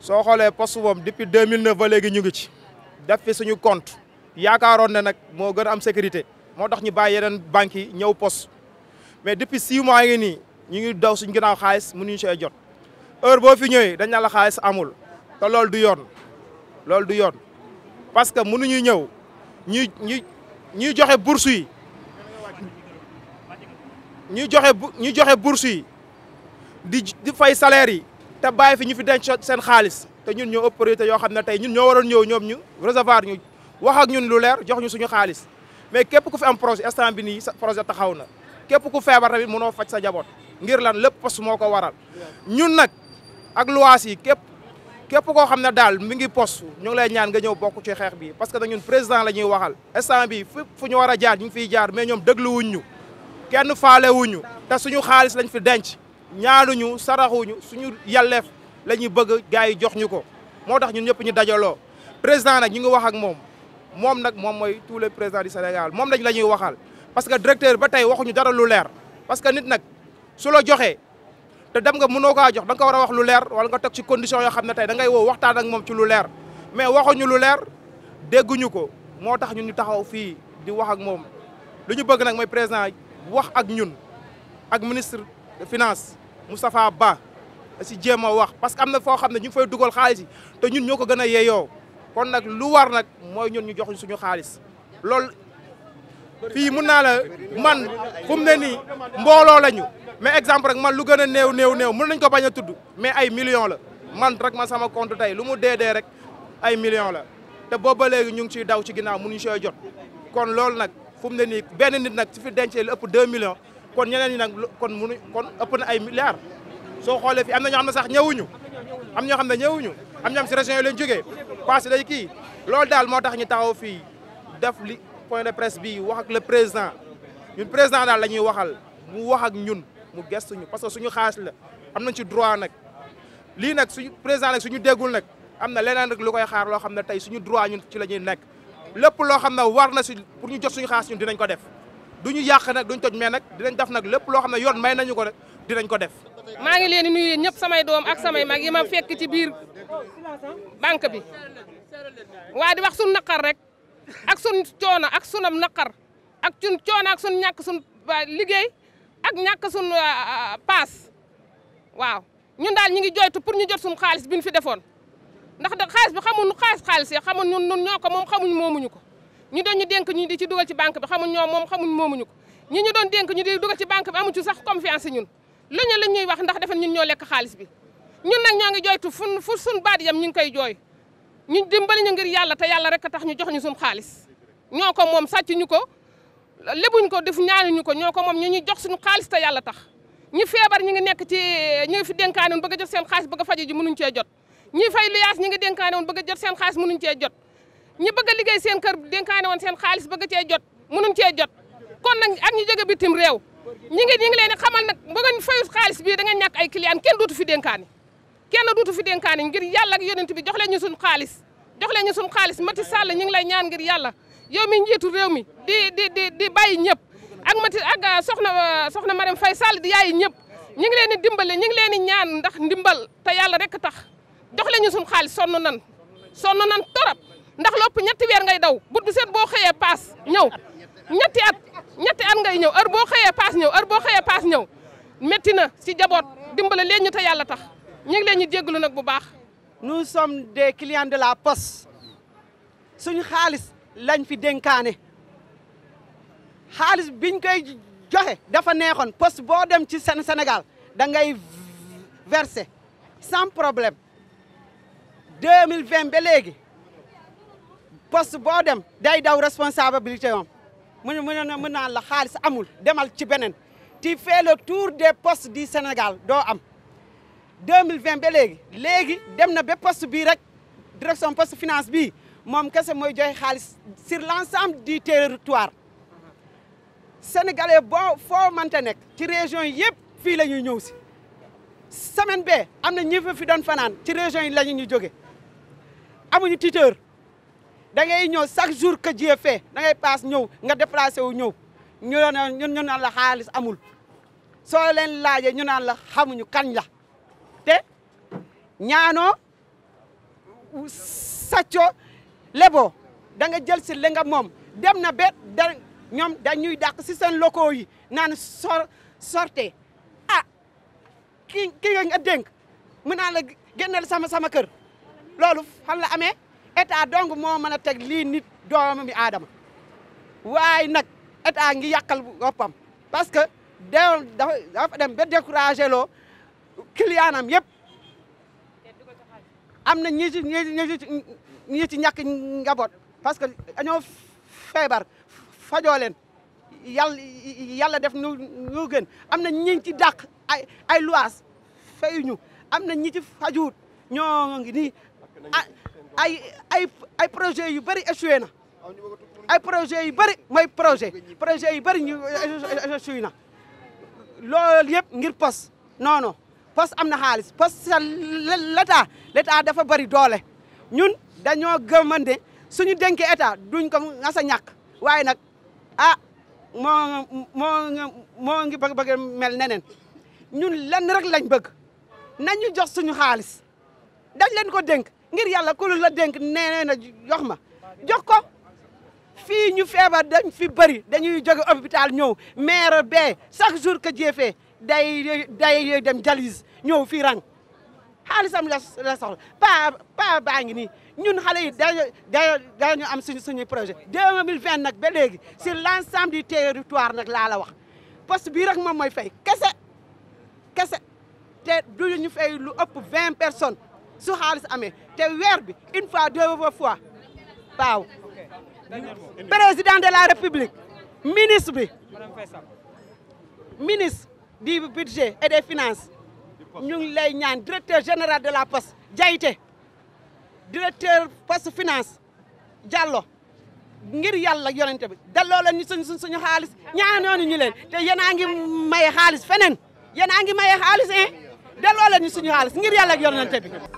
soo xoolee poste boobu depuis 2009 ba léegi ñu ngi ci def suñu compte yaakaaroon ne nag moo gën a am sécurité moo tax ñu bàyyi yeneen yi ñëw poste mais depuis 6 mois yi nii ñu ngi daw suñu ginnaaw xaalis mënuñu see jot heure boo fi ñëwee dañ la xaalis amul te loolu du yoon loolu du yoon parce que mënuñu ñëw. ñuy ñuy ñuy joxe bourse yi ñuy joxe ñuy joxe bourse yi di di fay salaire yi te bàyyi fi ñu fi denc seen xaalis te ñun ñoo ëpp yoo xam ne tey ñun ñoo waroon ñëw ñoom ñu recevoir ñu wax ak ñun lu leer jox ñu suñu xaalis mais képp ku fi am projet instant bi nii projet taxaw na képp ku feebar tamit mënoo faj sa jaboot ngir lan lépp poste moo ko waral ñun nag ak luwaas yi képp. képp koo xam ne daal mi ngi post ñu ngi lay ñaan nga ñëw bokku ci xeex bi parce que dañun président la ñuy waxal instant bi fépp fu ñu war a jaar ñu ngi jaar mais ñoom dégluwuñ ñu kenn faale wuñu te suñu xaalis lañ fi denc ñaanuñu saraxuñu suñu yelleef la ñuy bëgg gars yi jox ñu ko moo tax ñun ñëpp ñu dajaloo président nag ñu ngi wax ak moom moom nag moom mooy tous les présidents du Sénégal moom lañ la ñuy waxal parce que directeur ba tey waxuñu dara lu leer parce que nit nag su la joxee te dem nga mënoo kaa jox da ko war a wax lu leer wala nga teg si condition yoo xam ne tey da ngay woo waxtaan moom ci lu leer mais waxuñu lu leer dégguñu ko moo tax ñun ñu taxaw fii di wax ak moom lu ñu bëgg nag mooy président wax ak ñun ak ministre de finance Moustapha Ba si jéem a wax parce que am na foo xam ne ñu ngi fay dugal xaalis yi te ñun ñoo ko gën a yeeyoo kon nag lu war nag mooy ñun ñu jox suñu xaalis lool fii mun naa la man fu mu ne nii mbooloo lañu mais exemple rek man lu gën a néew néew néew mun nañ ko bañ a tudd mais ay millions la man rek ma sama compte tey lu mu dee rek ay millions la te boobu ba léegi ñu ngi ciy daw ci ginnaaw mënuñu sooy jot kon loolu nag fu ne nii benn nit nag su fi dencee lu ëpp 2 million kon ñeneen ñi nag kon munu kon ëpp na ay milliards soo xoolee fii am na ñoo xam ne sax ñëwuñu am ñoo xam ne ñëwuñu am ñoo xam si région yi lañ jóge passé day kii loolu daal moo tax ñu taxaw fii def li point de presse bi wax ak le président ñun président daal la ñuy waxal mu wax ak ñun mu gestu ñu parce que suñu xaalis la am nañ ci droit nag lii nag suñu président nag suñu déggul nag am na leneen rek lu koy xaar loo xam ne tey suñu droit ñun ci la ñuy nekk lépp loo xam ne war na su pour ñu jot suñu xaalis ñun dinañ ko def duñu yàq nag duñ toj mais nag dinañ def nag lépp loo xam ne yoon may nañu ko rek dinañ ko def maa ngi leen di nuyu ñëpp samay doom ak samay mag yi ma fekk ci biir banque bi waa di wax suñu naqar rek ak sun coono ak sunam naqar ak sun coono ak sun ñàkk sun liggéey ak ñàkk sun euh, euh, paas waaw ñun daal ñu ngi joytu pour ñu jot sun xaalis bi ñu fi defoon ndax da xaalis bi xamul nu xaalis yi xamul ñun ñun ñoo ko moom xamuñ moomuñu ko ñu doon ñu dénk ñu di ci dugal ci banque bi xamuñ ñoo moom xamuñ moomuñu ko ñi ñu doon dénk ñu di dugal ci banque bi amu ci sax confiance ñun lu ñu la ñuy wax ndax defe ñun ñoo lekk xaalis bi ñun nag ñoo ngi joytu fu fu sun baat yam ñu ngi koy jooy ñu dimbali ñu ngir yàlla te yàlla rek tax ñu jox ñu suñu xaalis ñoo ko moom sàcc ñu ko lebuñ ko def ñaanu ñu ko ñoo ko moom ñu ñu jox suñu xaalis te yàlla tax ñi feebar ñi ngi nekk ci ñi ngi fi dénkaane woon bëgg jot seen xaalis bëgg a fajo ji mënuñ cee jot ñi fay luyaas ñi ngi dénkaane woon bëgg a jot seen xaalis mënuñ cee jot ñi bëgg a liggéey seen kër dénkaane woon seen xaalis bëgg cee jot mënuñ cee jot kon nag ak ñu jóge bitim réew ñi ngi ñi ngi leen xamal nag bëgg ñu fayul xaalis ay client kenn fi dénkaane kenn duutu fi dénkaani ngir yàlla ak yonent bi jox leen ñu suñu xaalis jox leen ñu suñu xaalis Macky Sall ñu ngi lay ñaan ngir yàlla yow mi njiitu réew mi di di di di bàyyi ñëpp ak Macky ak ah, soxna ah, soxna Marème fay Sall di yaayi ñëpp ñu ngi leen di dimbale ñu ngi leen di ñaan ndax ndimbal te yàlla rek tax jox leen ñu suñu xaalis sonn nan sonn nan torop ndax lopp ñetti weer ngay daw but bu boo xëyee paas ñaw ñetti at ñetti at ngay ñëw ar boo xëyee paas ñëw heure boo xëyee paas ñëw métti na si jaboot dimbale leen ñu te yàlla tax ñu ngi leen ñu jégalu nag bu baax. nous sommes des clients de la poste suñu xaalis lañ fi dénkaane xaalis biñ koy joxe dafa neexoon poste boo dem ci seen Sénégal da ngay verser sans problème deux mille vingt ba léegi poste boo dem day daw responsabilité am mu ne mu naan la xaalis amul demal ci beneen ti fais le de des postes du Sénégal doo am. 2020 ba léegi léegi dem na ba poste bii rek direction poste finance bii moom kese mooy joxe xaalis sur l'ensemble du territoire sénégalais boo foo mënta nekk ci région yi yëpp fii la ñuy ñëw si semaine bee am na ñi fa fi doon fanaan ci région yi la ñu ñu jóge amuñu tuteur da ngay ñëw chaque jour que Dieu fait paas ñëw nga déplacé wu ñëw ñu ne ñun ñu naan la xaalis amul soo leen laajee ñu naan la xamuñu kañ la te ñaanoo sàccoo leboo danga nga jël si li nga moom dem na ba da ñoom dañuy dàq si seen locaux yi naan sor sorte ah ki ki nga dénk mën naa la génneel sama sama kër loolu fan la amee état donc moo mën a teg lii ni doomu bi aadama waaye nag état ngi yàqal boppam parce que da dafa dem ba découragé loo kiliyaanam yëpp am na ñi ci ñi ci ñi ci ñàkk njaboot parce que dañoo feebar fajoo leen yàlla yàlla def nu ñu gën am na ñi ci dàq ay ay luwaas fayuñu am na ñi ci fajuut ñoo ngi nii ay ay ay projet yu bëri échoué na ay projet yu bëri mooy projet projet yu bëri ñu échoué na lool yëpp ngir pos non non poste am na xaalis poste l'état l'état dafa bari doole ñun dañoo gëmande suñu dénkee état duñ ko nga sa ñàkk waaye nag a ah, moo moo moo ngi bëgg bëgg mel neneen ñun lenn rek lañ bëgg nañu jox suñu xaalis dañ leen ko dénk ngir yàlla ku la dénk nee na jox ma jox ko fii ñu feebar dañ fi bëri dañuy jóge hôpital ñëw maire bee chaque jour que jéefee day day dem dialyse ñëw fii rang xaalisam la soxla pa pa baa ngi nii ñun xale yi da da ñu am suñu suñu projet 2020 nag ba léegi sur l'ensemble du territoire nag laa la wax poste bii rek moom mooy fay kese kese te du ñu fay lu ëpp 20 personnes su xaalis amee te weer bi une fois deux fois waaw président de la république ministre bi ministre du budget et des finances ñu ngi lay ñaan directeur général de la poste Diaité directeur poste finance jallo ngir yàlla yonente bi dalloo leen ñu suñ suñ suñu xaalis ñaanoonu ñu leen te yéen a ngi maye xaalis feneen yéen a ngi maye xaalis eh delloo leen ñu suñu xaalis ngir yàlla ak yonente bi